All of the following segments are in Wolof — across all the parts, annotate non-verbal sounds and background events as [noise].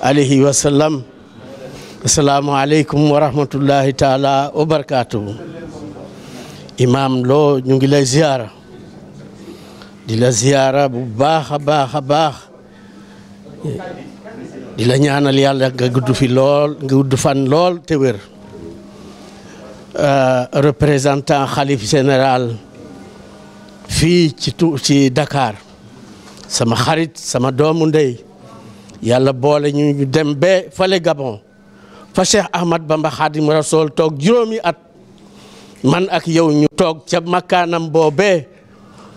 alayhi wa sallam asalaamu aleykum wa rahmatullahi taala wa barakaatuhu imaam loo ñu ngi lay ziyaara di la ziyaara bu baax a baax a baax di la ñaana yàlla nga gudd fi lool nga gudd fan lool te wér euh, représentant xalif général fii ci tu ci Dakar sama xarit sama doomu ndey yàlla boole ñu dem ba fale Gabon fa Cheikh Ahmad Bamba Xaadim Rasool toog juróomi at man ak yow ñu toog ca makkaanam boobee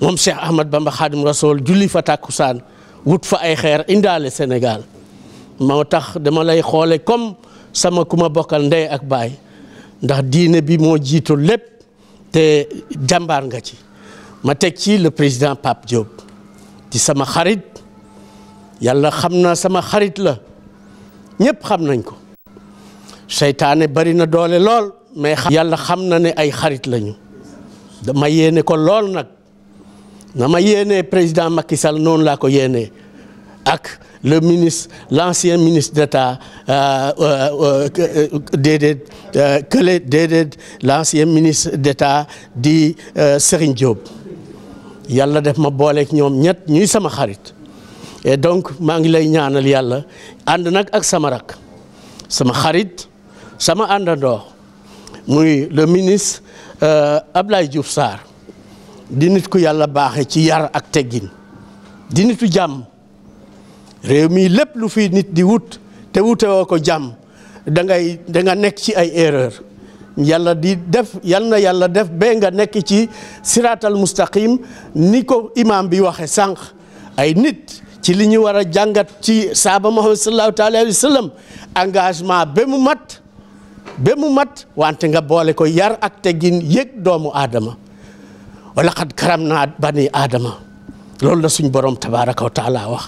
moom Cheikh Ahmad Bamba Xaadim Rasool julli fa tàkkusaan wut fa ay xeer indaale Sénégal moo tax dama lay xoole comme sama ku ma bokkal ndey ak baay ndax diine bi moo jiitu lépp te jàmbaar nga ci ma teg ci la président Pape Diop di sama xarit yàlla xam na sama xarit la ñëpp xam nañ ko seytaane bari na doole lool mais yàlla xam na ne ay xarit lañu dama yéene ko lool nag na ma yéene président Macky Sall noonu laa ko yéenee ak le ministre l' ancien ministre d' état euh, euh, euh, déedéet kële déedéet l' ancien ministre d' état di Serigne Diop yàlla def ma booleek ñoom ñett ñuy sama xarit et donc maa ngi lay ñaanal yàlla ànd nag ak sama rakk sama xarit sama àndandoo muy le ministre euh, Ablaye Diouf Sarr di nit ku yàlla baaxe ci yar ak teggin di nitu jàmm réew mii lépp lu fi nit di wut te wutewoo ko jàmm dangay danga nekk ci ay erreur yàlla di def yal na yàlla def ba nga nekk ci siraatal mustaqim ni ko imam bi waxe sànq ay nit ci li ñu war a jàngat ci saaba Muhammad sallallahu taala alayhi wa sallam engagement ba mu mat ba mu mat wante nga boole ko yar ak teggin yëg doomu aadama wala xad karam naa bani aadama loolu la suñ borom tabaraka wa taala wax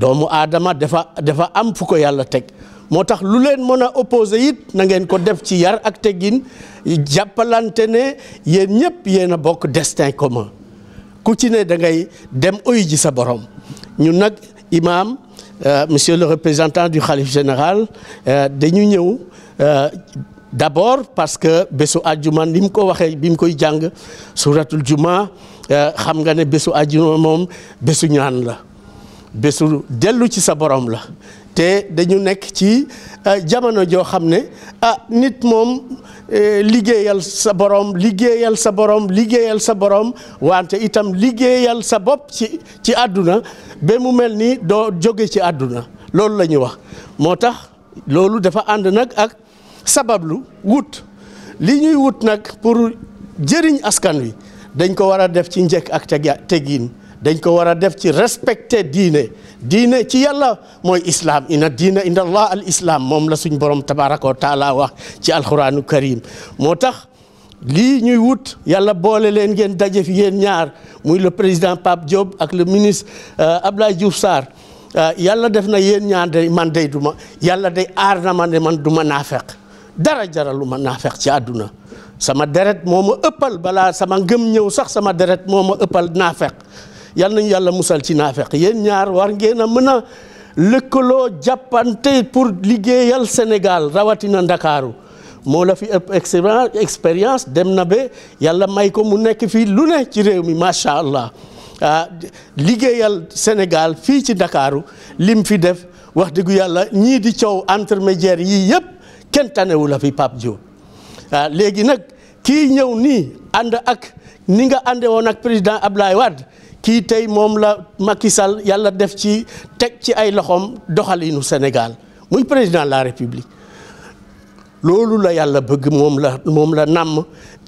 doomu aadama dafa dafa am fu ko yàlla teg moo tax lu leen mën a opposé it na ngeen ko def ci yar ak teggin jàppalante ne yéen ñëpp yéen a bokk destin commun ku ci ne da ngay dem uy ji sa borom ñun nag imaam euh, monsieur le représentant du khalife général euh, dañu ñëw euh, d'abord parce que bésu àjjuma li mu ko waxee bi mu koy jàng suratul juma xam nga ne bésu àjjuma moom bésu ñaan la bésu dellu ci sa borom la te dañu nekk ci euh, jamono joo xam ne ah nit moom euh, liggéeyal sa borom liggéeyal sa borom liggéeyal sa borom wante itam liggéeyal sa bopp ci ci àdduna be mu mel ni doo jóge ci àdduna loolu la ñu wax moo tax loolu dafa ànd nag ak sabablu wut li ñuy wut nag pour jëriñ askan wi dañ ko war a def ci njëkk ak tegiin dañ ko war a def ci respecter diine diine ci yàlla mooy islam ina diina inda allah al islam moom la suñ borom tabaraka wa taala wax ci alquranu karim moo tax lii ñuy wut yàlla boole leen ngeen daje fi yéen ñaar muy le président Pape Diop ak le ministre euh, Abdoulaye Diouf Sarr euh, yàlla def na yéen ñaar de man day duma yàlla day aar na ma ne man du ma naafeq dara jaralu ma naafeq ci àdduna sama deret moo ma ëppal balaa sama ngëm ñëw sax sama deret moo ma ëppal naafeq yal nañu yàlla musal ci naafeq yéen ñaar war ngeen a mën a lëkkaloo jàppante pour liggéeyal Sénégal rawatina Ndakaaru moo la fi ëpp expérience dem na ba yàlla may ko mu nekk fii lu ne ci réew mi macha allah ah liggéeyal Sénégal fii ci Ndakaaru lim fi def wax dëggu yàlla ñii di coow intermédiaire yii yëpp kenn tanewu la fi Pape Diop ah léegi nag kii ñëw nii ànd ak. ni nga ànde woon ak président Abdoulaye Wade kii tey moom la Macky Sall yàlla def ci teg ci ay loxoom doxalinu Sénégal muy président de la République loolu la yàlla bëgg moom la moom la nàmm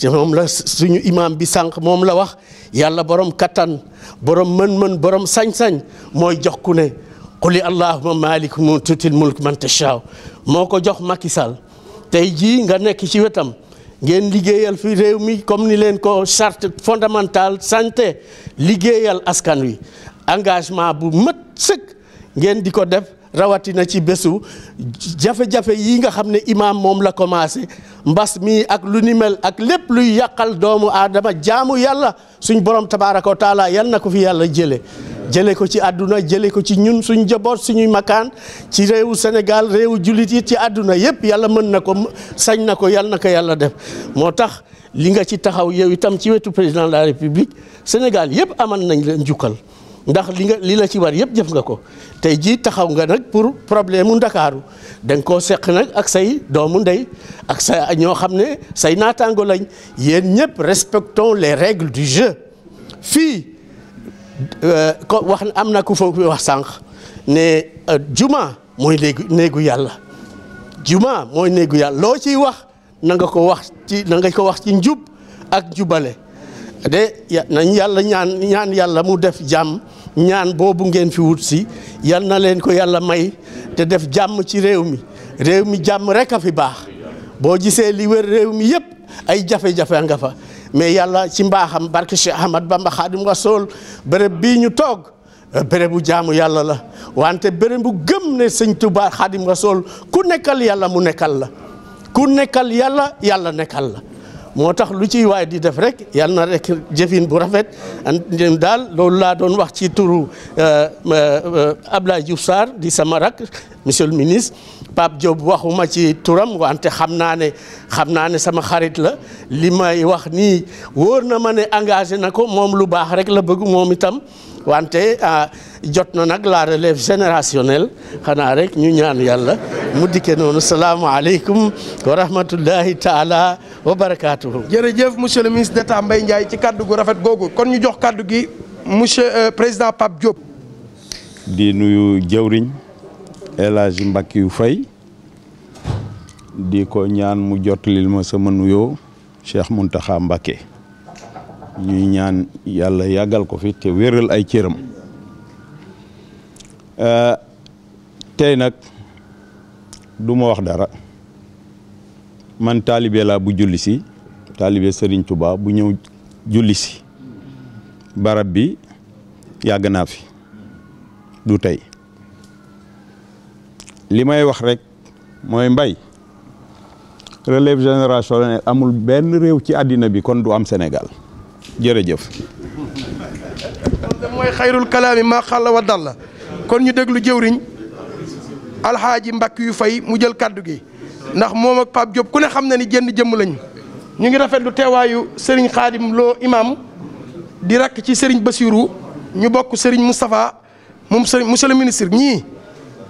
moom la suñu imam bi sànq moom la wax yàlla borom kattan borom mën-mën borom sañ-sañ mooy jox ku ne quli allahuma malik mu tutil mulk man tachaaw moo ko jox Macky tey jii nga nekk ci wetam ngeen liggéeyal fi réew mi comme ni leen ko charte fondamentale santé liggéeyal askan wi engagement bu mat sëkk ngeen di ko def rawatina ci bésu jafe-jafe yi nga xam ne imaam moom la commencé mbas mi ak lu ni mel ak lépp luy yàqal doomu aadama jaamu yàlla suñ borom tabaaraka wa taala yal na ko fi yàlla jëlee. jëlee ko ci àdduna jëlee ko ci ñun suñ njaboot suñuy makaan ci réewu Sénégal réewu jullit yi ci àdduna yëpp yàlla mën na ko sañ na ko yàlla na ko yàlla def moo tax li nga ci taxaw yow itam ci wetu président de la république Sénégal yëpp amal nañ leen njukkal ndax li nga li la ci war yëpp jëf nga ko tey jii taxaw nga nag pour problème mu ndakaaru da nga koo seq nag ak say doomu ndey ak sa ñoo xam ne say naataango lañ yéen ñëpp respectons les règles du jeu fii Euh, wax am na ku fa wax sànq ne euh, juma mooy néegu néegu yàlla juma mooy néegu yàlla loo ciy wax nanga ko wax ci na nga ko wax ci njub ak jubale de nañ yàlla ñaan ñaan yàlla mu def jàmm ñaan boobu ngeen fi wut si yal na leen ko yàlla may te def jàmm ci réew mi réew mi jàmm rek a fi baax boo gisee li wër réew mi yëpp ay jafe-jafe nga fa mais yàlla ci mbaaxam barke Cheikh Ahmad Bamba Xaadim Rasool bërëb bii ñu toog bérébu jaamu yàlla la wante bérébu gëm ne sëñ Tuubaa Xaadim Rasool ku nekkal yàlla mu nekkal la ku nekkal yàlla yàlla nekkal la moo tax lu ci waay di def rek yal na rek jëfin bu rafet daal loolu laa doon wax ci turu euh, euh, Abdoulaye Diouf Sarr di sama rak monsieur ministre Pape Diop waxuma ci turam wante xam naa ne xam naa ne sama xarit la li may wax nii wóor na ma ne engagé na ko moom lu baax rek la bëgg moom itam wante euh, jot na nag la relève générationnelle xanaa rek ñu ñaan yàlla mu dikkee noonu salaamaaleykum wa rahmatullahi taala wa barakaatuhu. jërëjëf monsieur le ministre d'État Mbaye Ndiaye ci kàddu gu rafet googu kon ñu jox kàddu gi monsieur euh, président Pape Diop. di nuyu jëwriñ El Hadj yu Faye di ko ñaan mu jotlil ma sama nuyoo Cheikh Mountakha mbake ñuy ñaan yàlla yàggal ko fi te wéral ay cëram euh, tey nag duma wax dara. man taalibe laa bu julli si taalibe sëriñ Touba bu ñëw julli si barab bi yàgg naa fi du tey li may wax rekk mooy mbay relève génération amul benn réew ci àddina bi kon du am Sénégal jërëjëf. mooy xayrul kalaami maa xalla wa dalla kon ñu déglu jëwriñ alxaaji mbakk yu fay mu jël kàddu gi. ndax moom ak Pape Diop ku ne xam na ni jënd jëmm lañu ñu ngi rafet lu teewaayu sëriñ Khadim Lo imam di rakk ci Serigne Bassirou ñu bokk Serigne Moustapha moom Serigne monsieur le ministre ñii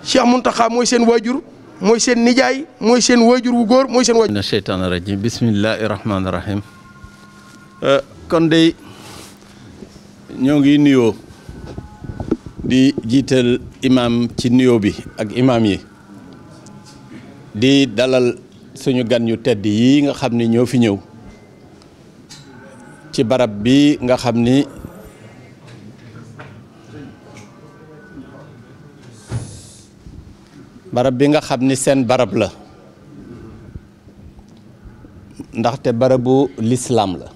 Cheikh Mountakha mooy seen waajur mooy seen nijaay mooy seen waajur wu góor mooy seen waajur na seytaana rajim bismillahi rahmaani rahim euh, kon day ñoo ngi nuyoo di jiital imam ci nuyoo bi ak imam yi di dalal suñu gan yu tedd yii nga xam ni ñoo fi ñëw ci barab bi nga xam ni barab bi nga xam ni seen barab la ndaxte barabu lislaam la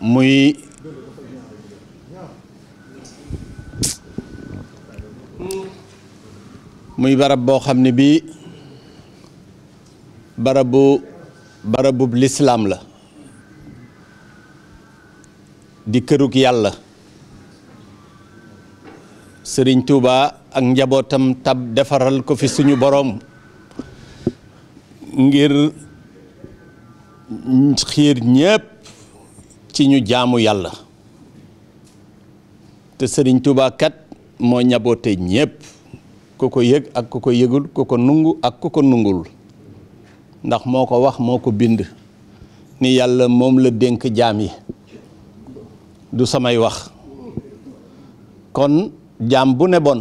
muy muy barab boo xam ne bii barabu barabub lislaam la di kërug yàlla sëriñ Touba ak njabootam tab defaral ko fi suñu boroom ngir xiir ñépp ci ñu jaamu yàlla te sëriñ Touba kat moo njaboote ñépp ku ko yëg ak ku ko yëgul ko ko nungu ak ku ko nungul ndax moo ko wax moo ko bind ni yàlla moom la dénk jaam yi du samay wax kon jaam bu ne bon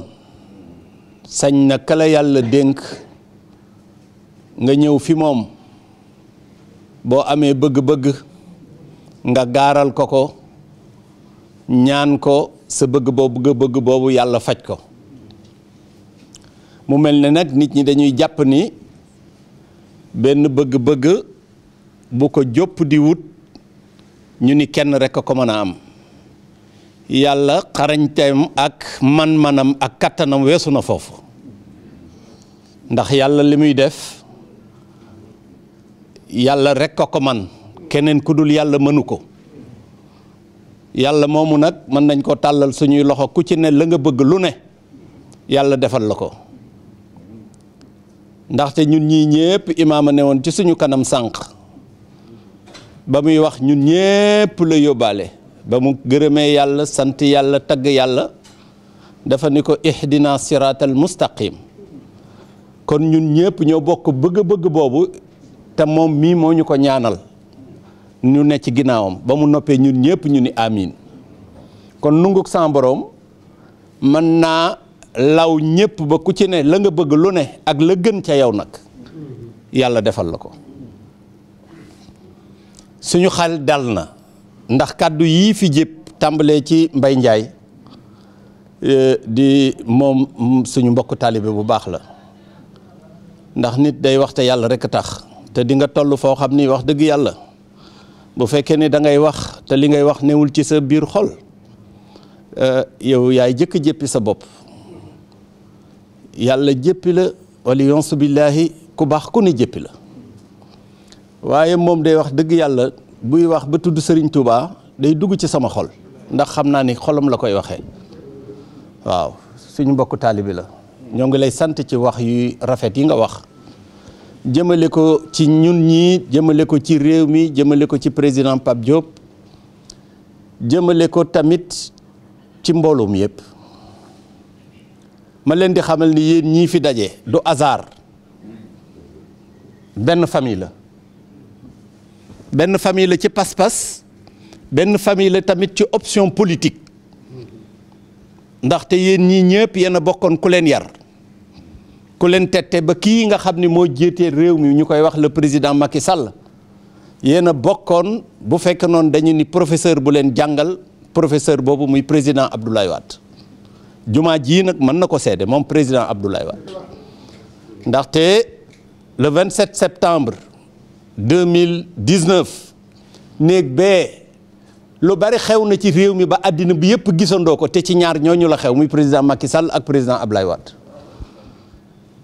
sañ na kala yàlla dénk nga ñëw fi moom boo amee bëgg-bëgg nga gaaral ko ko ñaan ko sa bëgg boobu nga boobu yàlla faj ko mu mel ni nag nit ñi dañuy jàpp ni benn bëgg-bëgg bu ko jópp di wut ñu ni kenn rekk a ko mën a am yàlla xarañteem ak man-manam ak kattanam weesu na foofu ndax yàlla li muy def yàlla rekk a ko man keneen ku dul yàlla mënu ko yàlla moomu nag mën nañ koo tàllal suñuy loxo ku ci ne la nga bëgg lu ne yàlla defal la ko ndaxte ñun ñii ñépp imaama ne woon ci suñu kanam sànk ba muy wax ñun ñépp la yóbbaale ba mu gërëmee yàlla sant yàlla tagg yàlla dafa ni ko ihdina siraatal mustaqim kon ñun ñépp ñoo bokk bëgg-bëgg boobu te moom mii moo ñu ko ñaanal ñu nekk ci ginnaawam ba mu noppee ñun ñépp ñu ni amiin kon nunguk san mën naa law ñépp ba ku ci ne la nga bëgg lu ne ak la gën ca yow nag yàlla defal la ko suñu xal dal na ndax kàddu yii fi jëpp tàmbalee ci Mbay Njaay e, di moom suñu mbokk taalibe bu baax la ndax nit day wax te yàlla rekk tax te di nga toll foo xam ni wax dëgg yàlla bu fekkee ne dangay wax te li ngay wax newul ci sa biir xol e, yow yaay jëkk jéppi sa bopp yàlla jëppi la wala yonsu billaahi ku baax ku ne jëppi la waaye moom day wax dëgg yàlla buy wax ba tudd sëriñ Touba day dugg ci sama xol ndax xam naa ni xolom la koy waxee waaw suñu mbokku taalibi la ñoo ngi lay sant ci wax yu rafet yi nga wax jëmale ko ci ñun ñii jëmale ko ci réew mi jëmale ko ci président Pape Diop jëmale ko tamit ci mbooloom yëpp ma leen di xamal ni yéen ñii fi daje du hasard benn famille la benn famille la ci pas-pas benn famille la tamit ci option politique ndaxte yéen ñii ñëpp yenn bokkoon ku leen yar ku leen tette ba kii nga xam ni moo jiite réew mi ñu koy wax le président Macky Sall yéen a bokkoon bu fekk noonu dañu ni professeur bu leen jàngal professeur boobu muy président Abdoulaye Wade jumaa jii nag mën na ko seede moom président Abdoulaye Wade ndaxte le 27 septembre 2019 néeg bee lu bari xew na ci réew mi ba àddina bi yëpp gisandoo ko te ci ñaar ñooñu la xew muy président Macky Sall ak président Abdoulaye Wade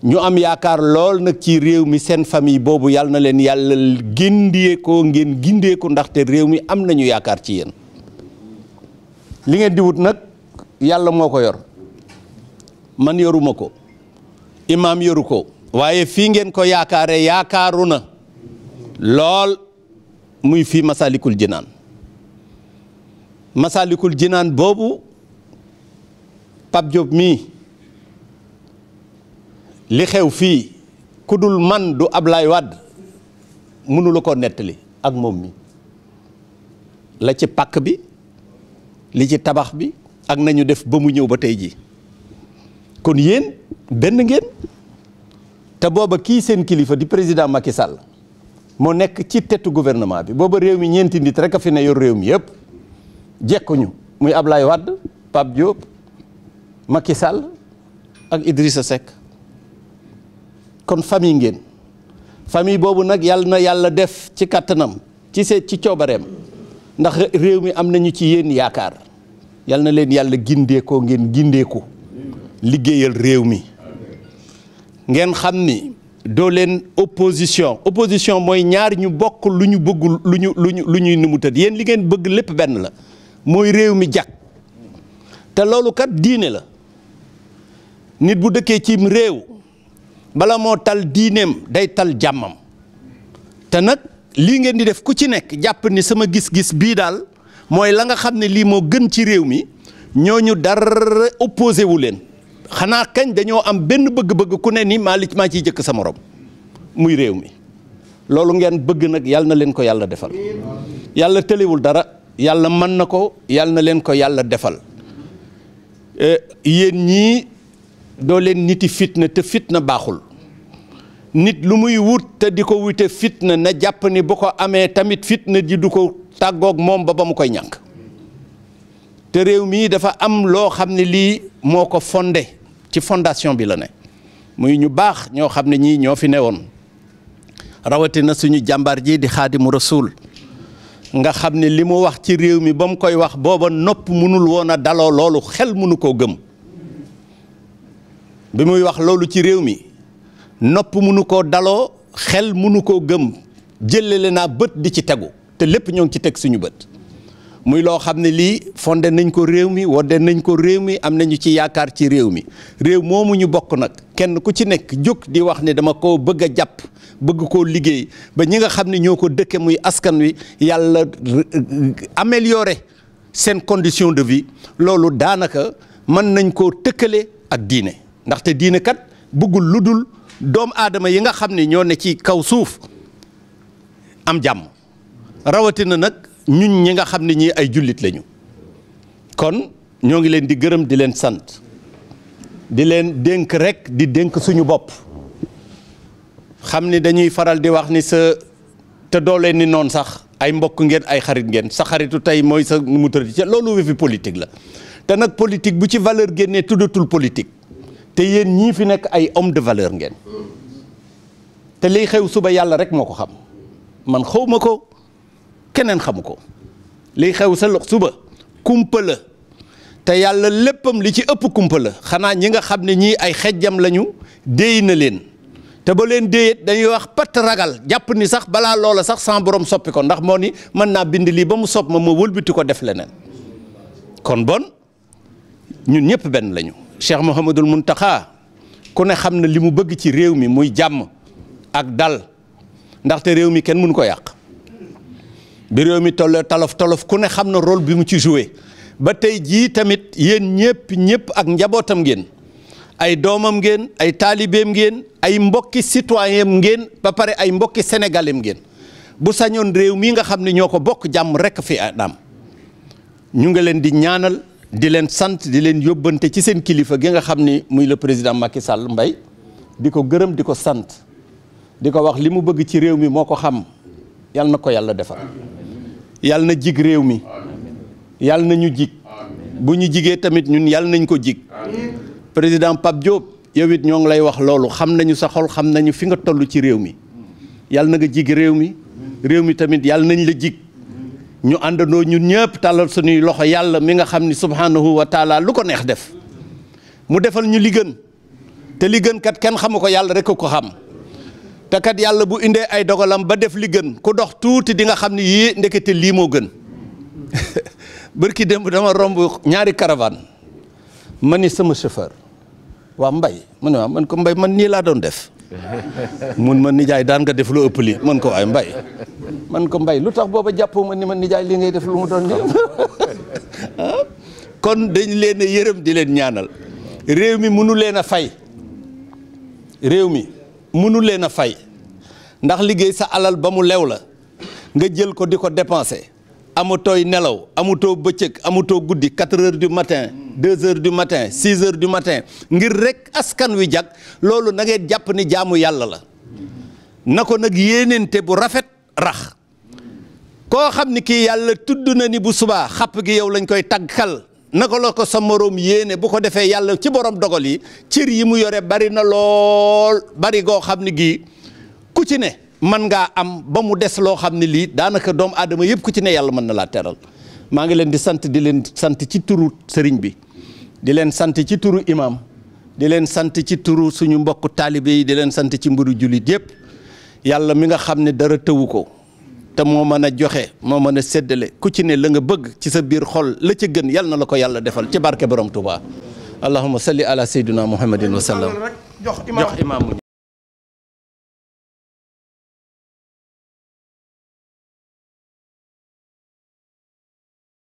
ñu am yaakaar lool nag ci réew mi seen famille boobu yàlla na leen yàlla gindee ko ngeen gindee ko ndaxte réew mi am nañu yaakaar ci yéen li ngeen di wut nag yàlla moo ko yor man yoruma ko imaam yoru ko waaye fii ngeen ko yaakaare yaakaaru na lool muy fii masalikul jinaan masalikul jinaan boobu Pape Diop mii li xew fii ku dul man du Ablaye Wade mënula koo nettali ak moom mi la ci pakk bi li ci tabax bi ak nañu def ba mu ñëw ba tey ji kon yéen benn ngeen te booba kii seen kilifa di président Macky Sall moo nekk ci tetu gouvernement bi booba réew mi ñeenti nit rek a fi ne yor réew mi yëpp jekkuñu muy Ablaye Wade Pape Diop Macky Sall ak Idrissa Seck kon fami ngeen famille boobu nag yàlla na yàlla def ci kàttanam ci se ci coobareem ndax réew mi am nañu ci yéen yaakaar yal na leen yàlla gindeekoo ngeen gindeeku liggéeyal réew mi ngeen xam ni doo leen opposition opposition mooy ñaar ñu bokk lu ñu bëggul lu ñu lu ñu lu ñuy numu tëdd yéen li ngeen bëgg lépp benn la mooy réew mi jag te loolu kat diine la nit bu dëkkee cim réew bala moo tal diineem day tal jàmmam te nag lii ngeen di def ku ci nekk jàpp ni sama gis-gis bii daal mooy la nga xam ne lii moo gën ci réew mi ñooñu dara opposé wu leen xanaa kañ dañoo am benn bëgg-bëgg ku ne ni maa li maa ciy jëkk sa morom muy réew mi loolu ngeen bëgg nag yàlla na leen ko yàlla defal yàlla tëlewul dara yàlla mën na ko yàlla na leen ko yàlla defal eh, yéen ñii doo leen niti fitna te fitna baaxul nit lu muy wut te di ko wute fitna na jàpp ni bu ko amee tamit fitna ji du ko tàggook moom ba ba mu koy ñàkk te réew mii dafa am loo xam ne lii moo ko fonde ci fondation bi la ne muy ñu baax ñoo xam ne ñii ñoo fi ne woon rawatina suñu jàmbaar ji di xaadimu rasuul nga xam ne li mu wax ci réew mi ba mu koy wax booba nopp mënul woon a daloo loolu xel mënu koo gëm bi muy wax loolu ci réew mi nopp mënu koo daloo xel mënu koo gëm jëlale naa bët di ci tegu te lépp ñoo ngi ci teg suñu bët muy loo xam ne lii fonde nañ ko réew mi wodde nañ ko réew mi am nañu ci yaakaar ci réew mi réew moomu ñu bokk nag kenn ku ci nekk jóg di wax ne dama ko bëgg a jàpp bëgg koo liggéey ba ñi nga xam ne ñoo ko dëkke muy askan wi yàlla ameliore seen condition de vie loolu daanaka mën nañ ko tëkkale ak diine ndaxte diine kat bëggul lu dul doomu aadama yi nga xam ne ñoo ne ci kaw suuf am jàmm rawatina nag. ñun ñi nga xam ne ñii ay jullit lañu kon ñoo ngi leen di gërëm di leen sant di leen dénk rek di dénk suñu bopp xam ni dañuy faral di wax ni sa te doo leen ni noon sax ay mbokk ngeen ay xarit ngeen sa xaritu tey mooy sa mutari ca loolu fi politique la te nag politique bu ci valeur génnee tuddatul politique te yéen ñii fi nekk ay homme de valeur ngeen te liy xew suba yàlla rek moo ko xam man xaw ma ko keneen xamu ko li xew sa suba kumpa la te yàlla léppam li ci ëpp kumpa la xanaa ñi nga xam ne ñii ay xejjam lañu déey na leen te ba leen déeyet dañuy wax patt ragal jàpp ni sax balaa loola sax sans borom soppi ko ndax moo ni mën naa bind lii ba mu sopp ma ma wëlbati ko def leneen kon bon ñun ñëpp benn lañu. Cheikh Mouhamadul taxaa ku ne xam na li mu bëgg ci réew mi muy jàmm ak dal ndaxte réew mi kenn mënu ko yàq bi réew mi toll tolof tolof ku ne xam na role bi mu ci joué ba tey jii tamit yéen ñëpp ñëpp ak njabootam ngeen ay doomam ngeen ay taalibeem ngeen ay mbokki citoyen ngeen ba pare ay mbokki sénégalais ngeen bu sañoon réew mii nga xam ne ñoo ko bokk jàmm rekk fi am ñu nga leen di ñaanal di leen sant di leen yóbbante ci seen kilifa gi nga xam ni muy le président Macky Sall Mbaye di ko gërëm di ko sant di ko wax li mu bëgg ci réew mi moo ko xam yal na ko yàlla defal yal na jig réew mi yal nañu ñu jig bu ñu jigee tamit ñun yal nañ ko jig président Pape Diop yow it ñoo ngi lay wax loolu xam nañu sa xol xam nañu fi nga toll ci réew mi yal na nga jig réew mi réew mi tamit yal nañ la jig ñu àndandoo ñun ñëpp tàllal suñuy loxo yàlla mi nga xam ni subhanahu wa lu ko neex def mu defal ñu li gën te li gën kat kenn xamu ko yàlla rek ko xam. te kat yàlla bu indee ay dogalam ba def li gën ku dox tuuti di nga xam ne yii ndekete lii moo gën [laughs] bër ki dem dama romb ñaari caravane man ni sama chauffeur waa mbay mu ne waa man ko mbay man nii laa doon def [laughs] mun ma nijaay daan nga def lu ëpp lii man ko waaye mbay man ko mbay lu tax booba jàppoo ma ni ma nijaay li ngay def lu mu doon nii [laughs] ah. kon dañ leen a yërëm di leen ñaanal réew mi munu leen a fay réew mi mënu leen a fay ndax liggéey sa alal ba mu lew la nga jël ko di ko dépenser amatooy nelaw amutoo bëccëg amatoo guddi 4 heures du matin 2 heures du matin 6 heures du matin ngir rek askan wi jag loolu na jàpp ni jaamu yàlla la na ko nag yéenente bu rafet rax koo xam ni kii yàlla tudd na ni bu subaa xàpp gi yow lañ koy tàggal naka la ko sa moroom yéene bu ko defee yàlla ci borom dogal yi cër yi mu yore bari na lool bari goo xam ne gii ku ci ne mën ngaa am ba mu des loo xam ne lii daanaka doomu aadama yëpp ku ci ne yàlla mën na laa teral maa ngi leen di sant di leen sant ci turu sëriñ bi di leen sant ci turu imam di leen sant ci turu suñu mbokk taalibe yi di leen sant ci mbiru jullit yëpp yàlla mi nga xam ne dara tëwu ko te moo mën a joxe moo mën a séddale ku ci ne la nga bëgg ci sa biir xol la ca gën yal na la ko yàlla defal ci barke borom Touba allahumma salli ala sayyidina muhammadin wa sallam jox imaamu